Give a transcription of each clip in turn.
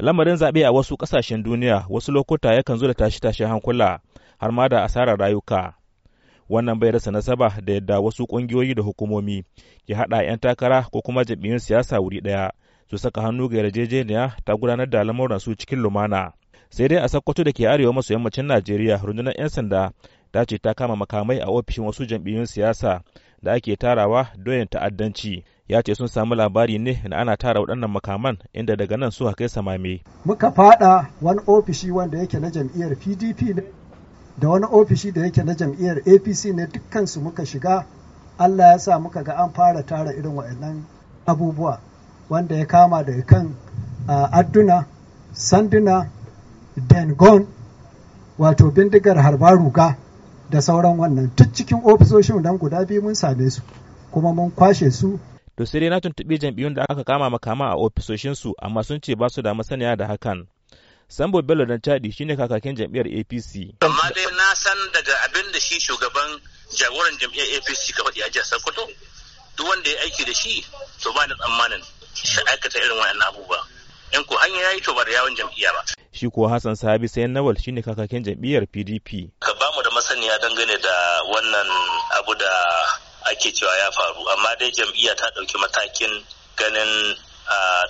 lamarin zaɓe a wasu ƙasashen duniya wasu lokuta yakan zo da tashi tashi hankula har ma da asarar rayuka wannan bai rasa nasaba da yadda wasu ƙungiyoyi da hukumomi ke haɗa 'yan takara ko kuma jam'iyyun siyasa wuri ɗaya su saka hannu ga yarjejeniya ta gudanar da lamuran su cikin lumana sai dai a sakkwato da ke arewa maso yammacin najeriya rundunar 'yan sanda ta ce ta kama makamai a ofishin wasu jam'iyyun siyasa da ake tarawa doyin ta'addanci ya ce sun samu labari ne na ana tara waɗannan makaman inda daga nan suka kai samame. Muka fada wani ofishi wanda yake na jam'iyyar PDP ne da wani ofishi da yake na jam'iyyar APC ne dukkansu muka shiga Allah ya sa muka ga an fara tara irin waɗannan abubuwa wanda ya kama daga kan adduna, sanduna, dengon, wato bindigar harba ruga da sauran wannan duk cikin ofisoshin nan guda biyu mun same su kuma mun kwashe su To sai na tuntuɓi jam'iyyun da aka kama makama a ofisoshinsu amma sun ce ba su da masaniya da hakan. Sambo Bello dan Chadi shine kakakin jam'iyyar APC. Amma dai na san daga abin da shi shugaban jagoran jam'iyyar APC ka faɗi a jihar Sokoto duk wanda ya aiki da shi to ba da tsammanin shi aikata irin wannan abubuwa. In ko hanya yayi to ba da yawon jam'iyya ba. Shi ko Hassan Sabi sai Nawal shine kakakin jam'iyyar PDP. Ka ba mu da masaniya dangane da wannan abu da ake cewa ya faru amma dai jam'iyya ta ɗauki matakin ganin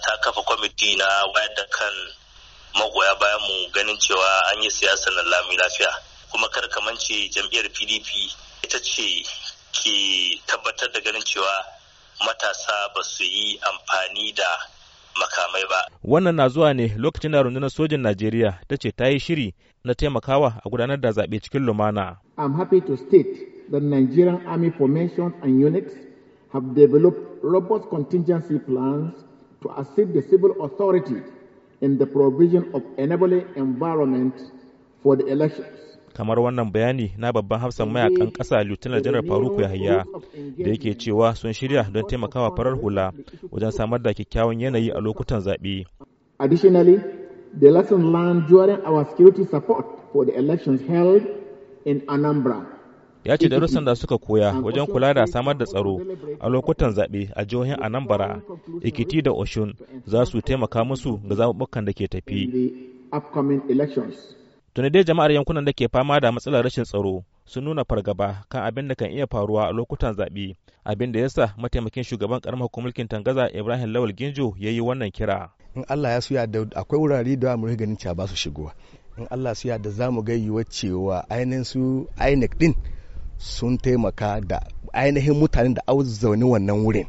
ta kafa kwamiti na wayar da kan magoya bayan mu ganin cewa an yi siyasar na lami lafiya kuma kar kamance jam'iyyar pdp ita ce ke tabbatar da ganin cewa matasa ba su yi amfani da makamai ba. Wannan na zuwa ne lokacin da rundunar sojin Najeriya ta ce ta yi shiri na taimakawa a gudanar da zaɓe cikin lumana. I'm happy to state the Nigerian Army formations and units have developed robust contingency plans to assist the civil authority in the provision of enabling environment for the elections. kamar wannan bayani na babban hafsan mayakan kasa lieutenant janar Faruk yahaya da yake cewa sun shirya don taimakawa farar hula wajen samar da kyakkyawan yanayi a lokutan zaɓe. additionally the lesson learned during our security support for the elections held in anambra ya ce darussan da suka koya wajen kula da samar da tsaro a lokutan zaɓe a jihohin anambra ikiti da oshun za su taimaka musu ga zaɓuɓɓukan da ke tafi tuni dai jama'ar yankunan da ke fama da matsalar rashin tsaro sun nuna fargaba kan abin da kan iya faruwa a lokutan zaɓe abin da ya sa mataimakin shugaban karamar mulkin tangaza ibrahim lawal ginjo ya yi wannan kira in allah ya suya da akwai wurare da mu ganin cewa ba su shigowa in allah su da za mu ga yiwuwar cewa ainihin su inec din sun taimaka da ainihin mutanen da zaune wannan wurin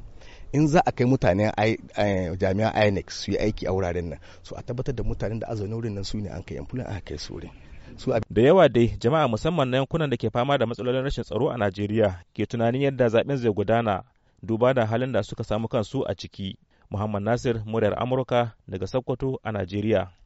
in za a kai mutane eh, jami'an inec su yi aiki a wuraren nan su a tabbatar da mutanen da zaune wurin nan su ne an kai yan a kai su wurin da yawa dai jama'a musamman na yankunan da ke fama da matsalolin rashin tsaro a najeriya ke tunanin yadda zaben zai gudana duba da halin da suka samu kansu a ciki muhammad nasir muryar amurka daga sokoto a najeriya